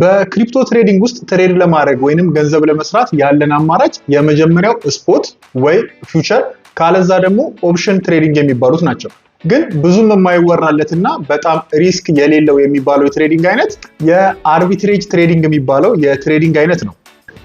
በክሪፕቶ ትሬዲንግ ውስጥ ትሬድ ለማድረግ ወይንም ገንዘብ ለመስራት ያለን አማራጭ የመጀመሪያው ስፖት ወይ ፊውቸር፣ ካለዛ ደግሞ ኦፕሽን ትሬዲንግ የሚባሉት ናቸው። ግን ብዙም የማይወራለት እና በጣም ሪስክ የሌለው የሚባለው የትሬዲንግ አይነት የአርቢትሬጅ ትሬዲንግ የሚባለው የትሬዲንግ አይነት ነው።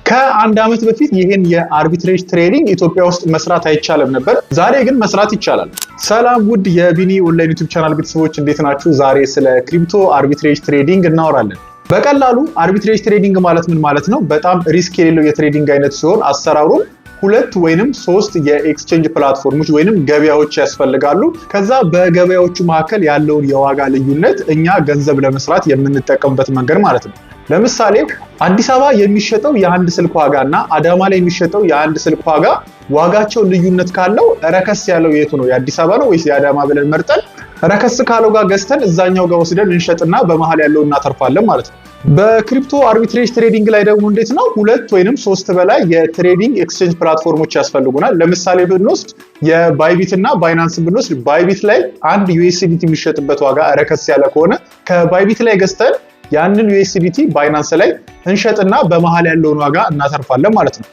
ከአንድ ዓመት በፊት ይህን የአርቢትሬጅ ትሬዲንግ ኢትዮጵያ ውስጥ መስራት አይቻልም ነበር። ዛሬ ግን መስራት ይቻላል። ሰላም ውድ የቢኒ ኦንላይን ዩቱብ ቻናል ቤተሰቦች እንዴት ናችሁ? ዛሬ ስለ ክሪፕቶ አርቢትሬጅ ትሬዲንግ እናወራለን። በቀላሉ አርቢትሬጅ ትሬዲንግ ማለት ምን ማለት ነው? በጣም ሪስክ የሌለው የትሬዲንግ አይነት ሲሆን አሰራሩም ሁለት ወይንም ሶስት የኤክስቼንጅ ፕላትፎርሞች ወይንም ገበያዎች ያስፈልጋሉ። ከዛ በገበያዎቹ መካከል ያለውን የዋጋ ልዩነት እኛ ገንዘብ ለመስራት የምንጠቀምበት መንገድ ማለት ነው። ለምሳሌ አዲስ አበባ የሚሸጠው የአንድ ስልክ ዋጋ እና አዳማ ላይ የሚሸጠው የአንድ ስልክ ዋጋ ዋጋቸው ልዩነት ካለው ረከስ ያለው የቱ ነው? የአዲስ አበባ ነው ወይስ የአዳማ ብለን መርጠን ረከስ ካለው ጋር ገዝተን እዛኛው ጋር ወስደን እንሸጥና በመሀል ያለው እናተርፋለን ማለት ነው። በክሪፕቶ አርቢትሬጅ ትሬዲንግ ላይ ደግሞ እንዴት ነው? ሁለት ወይንም ሶስት በላይ የትሬዲንግ ኤክስቼንጅ ፕላትፎርሞች ያስፈልጉናል። ለምሳሌ ብንወስድ የባይቢት እና ባይናንስ ብንወስድ ባይቢት ላይ አንድ ዩኤስዲቲ የሚሸጥበት ዋጋ ረከስ ያለ ከሆነ ከባይቢት ላይ ገዝተን ያንን ዩኤስዲቲ ባይናንስ ላይ እንሸጥና በመሀል ያለውን ዋጋ እናተርፋለን ማለት ነው።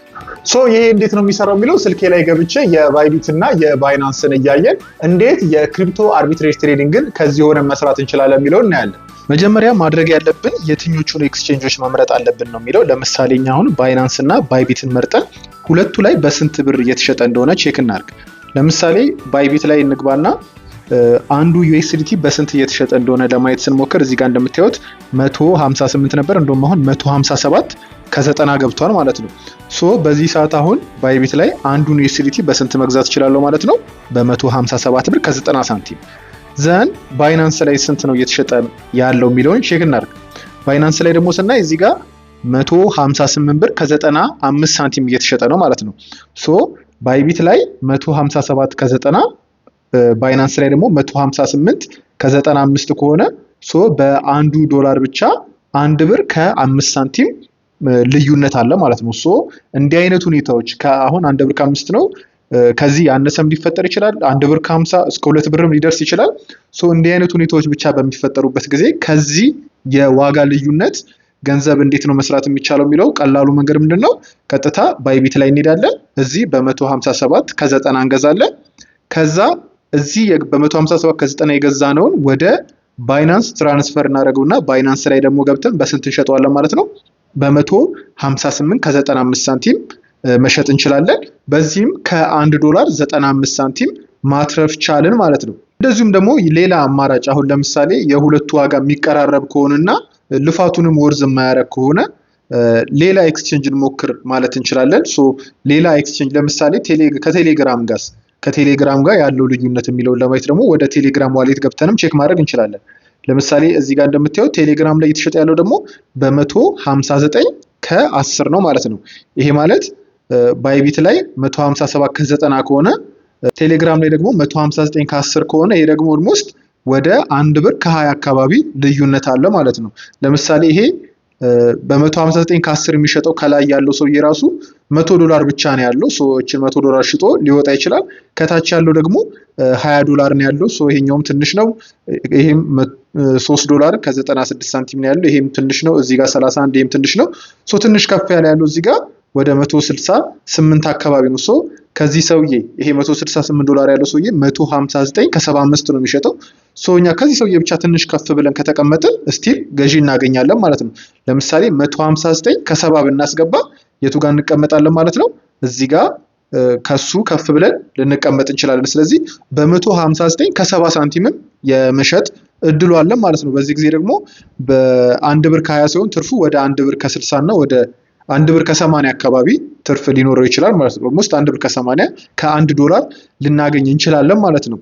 ሶ ይሄ እንዴት ነው የሚሰራው የሚለው ስልኬ ላይ ገብቼ የባይቢት እና የባይናንስን እያየን እንዴት የክሪፕቶ አርቢትሬጅ ትሬዲንግን ከዚህ ሆነ መስራት እንችላለን የሚለውን እናያለን። መጀመሪያ ማድረግ ያለብን የትኞቹን ኤክስቼንጆች መምረጥ አለብን ነው የሚለው። ለምሳሌ እኛ አሁን ባይናንስ እና ባይቢትን መርጠን ሁለቱ ላይ በስንት ብር እየተሸጠ እንደሆነ ቼክ እናርግ። ለምሳሌ ባይቢት ላይ እንግባና አንዱ ዩኤስዲቲ በስንት እየተሸጠ እንደሆነ ለማየት ስንሞክር እዚህ ጋር እንደምታዩት 158 ነበር፣ እንደውም አሁን 157 ከዘጠና ገብቷል ማለት ነው። ሶ በዚህ ሰዓት አሁን ባይቢት ላይ አንዱን ዩኤስዲቲ በስንት መግዛት እችላለሁ ማለት ነው? በ157 ብር ከ90 ሳንቲም። ዘን ባይናንስ ላይ ስንት ነው እየተሸጠ ያለው የሚለውን ቼክ እናድርግ። ባይናንስ ላይ ደግሞ ስናይ እዚህ ጋር 158 ብር ከ95 ሳንቲም እየተሸጠ ነው ማለት ነው። ሶ ባይቢት ላይ 157 ከ90 ባይናንስ ላይ ደግሞ 158 ከ95 ከሆነ ሶ በአንዱ ዶላር ብቻ አንድ ብር ከአምስት ሳንቲም ልዩነት አለ ማለት ነው። ሶ እንዲህ አይነት ሁኔታዎች አሁን አንድ ብር ከአምስት ነው። ከዚህ ያነሰም ሊፈጠር ይችላል። አንድ ብር ከሀምሳ እስከ ሁለት ብርም ሊደርስ ይችላል። ሶ እንዲህ አይነት ሁኔታዎች ብቻ በሚፈጠሩበት ጊዜ ከዚህ የዋጋ ልዩነት ገንዘብ እንዴት ነው መስራት የሚቻለው የሚለው ቀላሉ መንገድ ምንድን ነው? ቀጥታ ባይቢት ላይ እንሄዳለን። እዚህ በመቶ 157 ከ ከዘጠና እንገዛለን ከዛ እዚህ በ157 ከ90 የገዛ ነውን ወደ ባይናንስ ትራንስፈር እናደረገው እና ባይናንስ ላይ ደግሞ ገብተን በስንት እንሸጠዋለን ማለት ነው? በ158 ከ95 ሳንቲም መሸጥ እንችላለን። በዚህም ከ1 ዶላር 95 ሳንቲም ማትረፍ ቻልን ማለት ነው። እንደዚሁም ደግሞ ሌላ አማራጭ አሁን ለምሳሌ የሁለቱ ዋጋ የሚቀራረብ ከሆነና ልፋቱንም ወርዝ የማያደርግ ከሆነ ሌላ ኤክስቼንጅ ሞክር ማለት እንችላለን። ሌላ ኤክስቼንጅ ለምሳሌ ከቴሌግራም ጋር ከቴሌግራም ጋር ያለው ልዩነት የሚለውን ለማየት ደግሞ ወደ ቴሌግራም ዋሌት ገብተንም ቼክ ማድረግ እንችላለን። ለምሳሌ እዚህ ጋር እንደምታየው ቴሌግራም ላይ እየተሸጠ ያለው ደግሞ በ159 ከ10 ነው ማለት ነው። ይሄ ማለት ባይቢት ላይ 157 ከ90 ከሆነ ቴሌግራም ላይ ደግሞ 159 ከ10 ከሆነ ይሄ ደግሞ ኦልሞስት ወደ አንድ ብር ከ20 አካባቢ ልዩነት አለ ማለት ነው። ለምሳሌ ይሄ በመቶ ሀምሳ ዘጠኝ ከአስር የሚሸጠው ከላይ ያለው ሰውዬ ራሱ መቶ ዶላር ብቻ ነው ያለው። ሰዎችን መቶ ዶላር ሽጦ ሊወጣ ይችላል። ከታች ያለው ደግሞ ሀያ ዶላር ነው ያለው። ሰው ይሄኛውም ትንሽ ነው። ይሄም ሶስት ዶላር ከ ስድስት ሳንቲም ነው ያለው። ይሄም ትንሽ ነው። እዚህ ጋር አንድ ይሄም ትንሽ ነው። ሰው ትንሽ ከፍ ያለ ያለው እዚህ ጋር ወደ ስምንት አካባቢ ነው። ሶ ከዚህ ሰውዬ ይሄ ስምንት ዶላር ያለው ሰውዬ ዘጠኝ ከሰባ አምስት ነው የሚሸጠው። እኛ ከዚህ ሰውዬ ብቻ ትንሽ ከፍ ብለን ከተቀመጥን ስቲል ገዢ እናገኛለን ማለት ነው። ለምሳሌ 159 ከሰባ ብናስገባ የቱ ጋር እንቀመጣለን ማለት ነው? እዚህ ጋር ከሱ ከፍ ብለን ልንቀመጥ እንችላለን። ስለዚህ በ159 ከሰባ ሳንቲምም የመሸጥ እድሉ አለን ማለት ነው። በዚህ ጊዜ ደግሞ በአንድ ብር ከ20 ሲሆን ትርፉ ወደ አንድ ብር ከ60 እና ወደ አንድ ብር ከሰማንያ አካባቢ ትርፍ ሊኖረው ይችላል ማለት ነው። ኦልሞስት አንድ ብር ከሰማንያ ከአንድ ዶላር ልናገኝ እንችላለን ማለት ነው።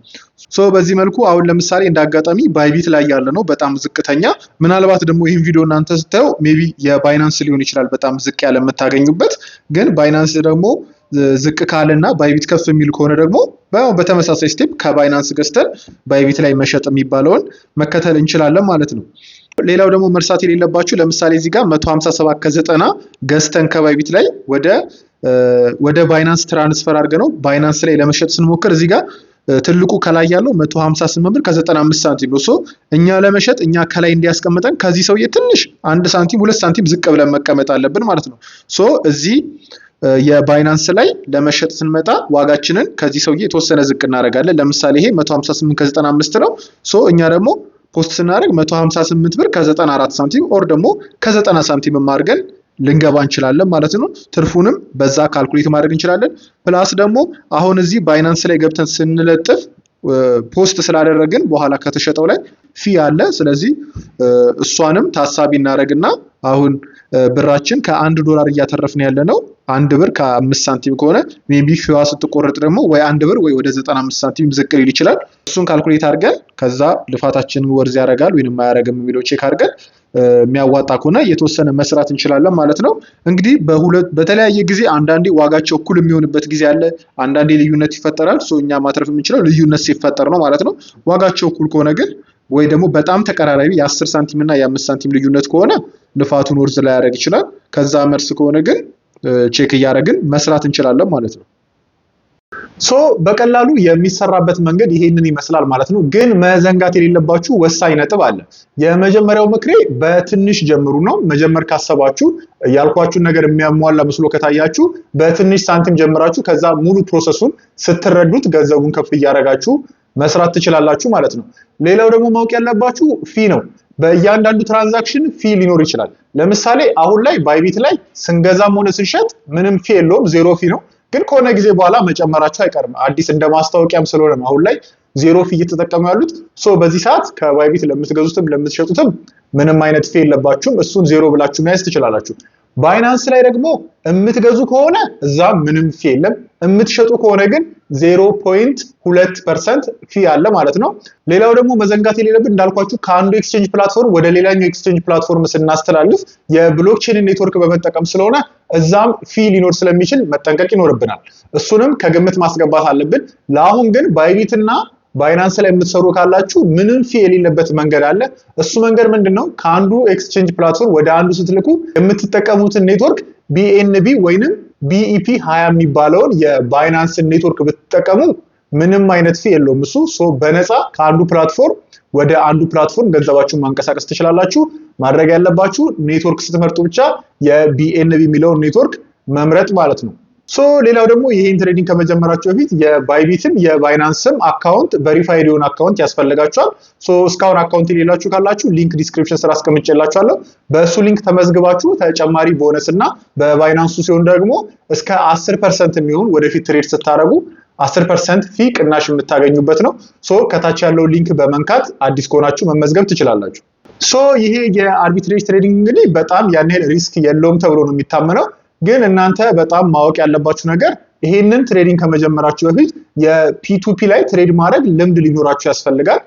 ሶ በዚህ መልኩ አሁን ለምሳሌ እንደ አጋጣሚ ባይቢት ላይ ያለ ነው በጣም ዝቅተኛ። ምናልባት ደግሞ ይህን ቪዲዮ እናንተ ስታዩ ሜቢ የባይናንስ ሊሆን ይችላል በጣም ዝቅ ያለ የምታገኙበት። ግን ባይናንስ ደግሞ ዝቅ ካለና ባይቢት ከፍ የሚል ከሆነ ደግሞ በተመሳሳይ ስቴፕ ከባይናንስ ገዝተን ባይቢት ላይ መሸጥ የሚባለውን መከተል እንችላለን ማለት ነው። ሌላው ደግሞ መርሳት የሌለባችሁ ለምሳሌ እዚህ ጋር 157 ከዘጠና ገዝተን ከባይቢት ላይ ወደ ወደ ባይናንስ ትራንስፈር አድርገ ነው ባይናንስ ላይ ለመሸጥ ስንሞክር እዚህ ጋር ትልቁ ከላይ ያለው 158 ብር ከ95 ሳንቲም ነው። ሶ እኛ ለመሸጥ እኛ ከላይ እንዲያስቀምጠን ከዚህ ሰውዬ ትንሽ አንድ ሳንቲም ሁለት ሳንቲም ዝቅ ብለን መቀመጥ አለብን ማለት ነው። ሶ እዚህ የባይናንስ ላይ ለመሸጥ ስንመጣ ዋጋችንን ከዚህ ሰውዬ የተወሰነ ዝቅ እናደርጋለን። ለምሳሌ ይሄ 158 ከ95 ነው። ሶ እኛ ደግሞ ፖስት ስናደርግ 158 ብር ከ94 ሳንቲም ኦር ደግሞ ከ90 ሳንቲም አድርገን ልንገባ እንችላለን ማለት ነው። ትርፉንም በዛ ካልኩሌት ማድረግ እንችላለን። ፕላስ ደግሞ አሁን እዚህ ባይናንስ ላይ ገብተን ስንለጥፍ ፖስት ስላደረግን በኋላ ከተሸጠው ላይ ፊ አለ። ስለዚህ እሷንም ታሳቢ እናደረግና አሁን ብራችን ከአንድ ዶላር እያተረፍን ያለ ነው አንድ ብር ከአምስት ሳንቲም ከሆነ ሜቢ ሺዋ ስትቆረጥ ደግሞ ወይ አንድ ብር ወይ ወደ ዘጠና አምስት ሳንቲም ዝቅ ሊል ይችላል። እሱን ካልኩሌት አድርገን ከዛ ልፋታችንን ወርዝ ያደርጋል ወይም አያደርግም የሚለው ቼክ አድርገን የሚያዋጣ ከሆነ የተወሰነ መስራት እንችላለን ማለት ነው። እንግዲህ በተለያየ ጊዜ አንዳንዴ ዋጋቸው እኩል የሚሆንበት ጊዜ አለ፣ አንዳንዴ ልዩነት ይፈጠራል። ሰው እኛ ማትረፍ የምንችለው ልዩነት ሲፈጠር ነው ማለት ነው። ዋጋቸው እኩል ከሆነ ግን ወይ ደግሞ በጣም ተቀራራቢ የአስር ሳንቲም እና የአምስት ሳንቲም ልዩነት ከሆነ ልፋቱን ወርዝ ላይ ያደርግ ይችላል። ከዛ መርስ ከሆነ ግን ቼክ እያደረግን መስራት እንችላለን ማለት ነው። ሶ በቀላሉ የሚሰራበት መንገድ ይሄንን ይመስላል ማለት ነው። ግን መዘንጋት የሌለባችሁ ወሳኝ ነጥብ አለ። የመጀመሪያው ምክሬ በትንሽ ጀምሩ ነው። መጀመር ካሰባችሁ ያልኳችሁን ነገር የሚያሟላ መስሎ ከታያችሁ በትንሽ ሳንቲም ጀምራችሁ ከዛ ሙሉ ፕሮሰሱን ስትረዱት ገንዘቡን ከፍ እያደረጋችሁ መስራት ትችላላችሁ ማለት ነው። ሌላው ደግሞ ማወቅ ያለባችሁ ፊ ነው። በእያንዳንዱ ትራንዛክሽን ፊ ሊኖር ይችላል። ለምሳሌ አሁን ላይ ባይቢት ላይ ስንገዛም ሆነ ስንሸጥ ምንም ፊ የለውም፣ ዜሮ ፊ ነው። ግን ከሆነ ጊዜ በኋላ መጨመራቸው አይቀርም። አዲስ እንደ ማስታወቂያም ስለሆነ ነው አሁን ላይ ዜሮ ፊ እየተጠቀሙ ያሉት። ሶ በዚህ ሰዓት ከባይቢት ለምትገዙትም ለምትሸጡትም ምንም አይነት ፊ የለባችሁም። እሱን ዜሮ ብላችሁ መያዝ ትችላላችሁ። ባይናንስ ላይ ደግሞ የምትገዙ ከሆነ እዛ ምንም ፊ የለም። የምትሸጡ ከሆነ ግን 0.2% ፊ አለ ማለት ነው። ሌላው ደግሞ መዘንጋት የሌለብን እንዳልኳችሁ ከአንዱ ኤክስቼንጅ ፕላትፎርም ወደ ሌላኛው ኤክስቼንጅ ፕላትፎርም ስናስተላልፍ የብሎክቼን ኔትወርክ በመጠቀም ስለሆነ እዛም ፊ ሊኖር ስለሚችል መጠንቀቅ ይኖርብናል። እሱንም ከግምት ማስገባት አለብን። ለአሁን ግን ባይቢትና ባይናንስ ላይ የምትሰሩ ካላችሁ ምንም ፊ የሌለበት መንገድ አለ። እሱ መንገድ ምንድን ነው? ከአንዱ ኤክስቼንጅ ፕላትፎርም ወደ አንዱ ስትልኩ የምትጠቀሙትን ኔትወርክ ቢኤንቢ ወይንም ቢኢፒ ሀያ e የሚባለውን የባይናንስን ኔትወርክ ብትጠቀሙ ምንም አይነት ፊ የለውም። እሱ በነፃ ከአንዱ ፕላትፎርም ወደ አንዱ ፕላትፎርም ገንዘባችሁን ማንቀሳቀስ ትችላላችሁ። ማድረግ ያለባችሁ ኔትወርክ ስትመርጡ ብቻ የቢኤንቢ የሚለውን ኔትወርክ መምረጥ ማለት ነው። ሶ ሌላው ደግሞ ይሄን ትሬዲንግ ከመጀመራችሁ በፊት የባይቢትም የባይናንስም አካውንት ቬሪፋይድ የሆነ አካውንት ያስፈልጋችኋል። ሶ እስካሁን አካውንት የሌላችሁ ካላችሁ ሊንክ ዲስክሪፕሽን ስራ አስቀምጬላችኋለሁ። በእሱ ሊንክ ተመዝግባችሁ ተጨማሪ ቦነስ እና በባይናንሱ ሲሆን ደግሞ እስከ 10 ፐርሰንት የሚሆን ወደፊት ትሬድ ስታደረጉ 10 ፐርሰንት ፊ ቅናሽ የምታገኙበት ነው። ሶ ከታች ያለው ሊንክ በመንካት አዲስ ከሆናችሁ መመዝገብ ትችላላችሁ። ሶ ይሄ የአርቢትሬጅ ትሬዲንግ እንግዲህ በጣም ያን ያህል ሪስክ የለውም ተብሎ ነው የሚታመነው። ግን እናንተ በጣም ማወቅ ያለባችሁ ነገር ይሄንን ትሬዲንግ ከመጀመራችሁ በፊት የፒቱፒ ላይ ትሬድ ማድረግ ልምድ ሊኖራችሁ ያስፈልጋል።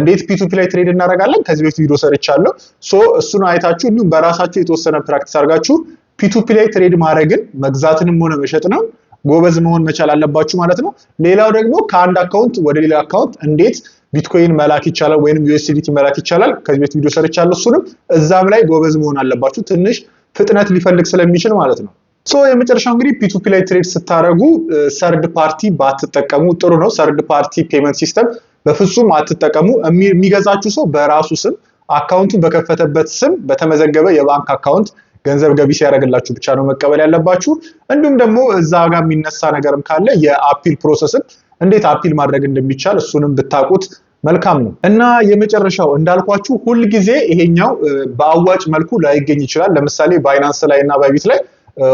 እንዴት ፒቱፒ ላይ ትሬድ እናደርጋለን ከዚህ በፊት ቪዲዮ ሰርቻለሁ። ሶ እሱን አይታችሁ እንዲሁም በራሳችሁ የተወሰነ ፕራክቲስ አድርጋችሁ ፒቱፒ ላይ ትሬድ ማድረግን መግዛትንም ሆነ መሸጥ ነው ጎበዝ መሆን መቻል አለባችሁ ማለት ነው። ሌላው ደግሞ ከአንድ አካውንት ወደ ሌላ አካውንት እንዴት ቢትኮይን መላክ ይቻላል ወይንም ዩኤስዲቲ መላክ ይቻላል ከዚህ በፊት ቪዲዮ ሰርቻለሁ። እሱንም እዛም ላይ ጎበዝ መሆን አለባችሁ ትንሽ ፍጥነት ሊፈልግ ስለሚችል ማለት ነው። ሶ የመጨረሻው እንግዲህ ፒቱፒ ላይ ትሬድ ስታደረጉ ሰርድ ፓርቲ ባትጠቀሙ ጥሩ ነው። ሰርድ ፓርቲ ፔመንት ሲስተም በፍጹም አትጠቀሙ። የሚገዛችሁ ሰው በራሱ ስም አካውንቱን በከፈተበት ስም በተመዘገበ የባንክ አካውንት ገንዘብ ገቢ ሲያደርግላችሁ ብቻ ነው መቀበል ያለባችሁ። እንዲሁም ደግሞ እዛ ጋር የሚነሳ ነገርም ካለ የአፒል ፕሮሰስን እንዴት አፒል ማድረግ እንደሚቻል እሱንም ብታውቁት መልካም ነው እና የመጨረሻው እንዳልኳችሁ ሁልጊዜ ይሄኛው በአዋጭ መልኩ ላይገኝ ይችላል። ለምሳሌ ባይናንስ ላይ እና ባይቢት ላይ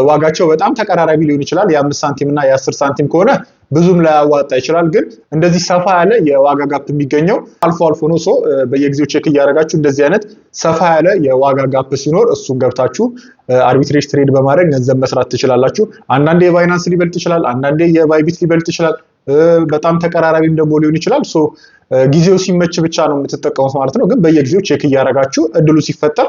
ዋጋቸው በጣም ተቀራራቢ ሊሆን ይችላል። የአምስት ሳንቲም እና የአስር ሳንቲም ከሆነ ብዙም ላያዋጣ ይችላል። ግን እንደዚህ ሰፋ ያለ የዋጋ ጋፕ የሚገኘው አልፎ አልፎ ነው። ሶ በየጊዜው ቼክ እያደረጋችሁ እንደዚህ አይነት ሰፋ ያለ የዋጋ ጋፕ ሲኖር እሱን ገብታችሁ አርቢትሬጅ ትሬድ በማድረግ ገንዘብ መስራት ትችላላችሁ። አንዳንዴ የባይናንስ ሊበልጥ ይችላል፣ አንዳንዴ የባይቢት ሊበልጥ ይችላል። በጣም ተቀራራቢም ደግሞ ሊሆን ይችላል። ጊዜው ሲመች ብቻ ነው የምትጠቀሙት ማለት ነው። ግን በየጊዜው ቼክ እያደረጋችሁ እድሉ ሲፈጠር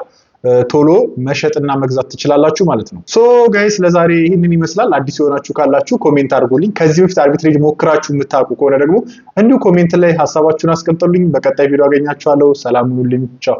ቶሎ መሸጥና መግዛት ትችላላችሁ ማለት ነው። ሶ ጋይስ ለዛሬ ይህንን ይመስላል። አዲስ የሆናችሁ ካላችሁ ኮሜንት አድርጎልኝ። ከዚህ በፊት አርቢትሬጅ ሞክራችሁ የምታውቁ ከሆነ ደግሞ እንዲሁ ኮሜንት ላይ ሀሳባችሁን አስቀምጠሉኝ። በቀጣይ ቪዲዮ አገኛችኋለሁ። ሰላም ሁኑልኝ። ቻው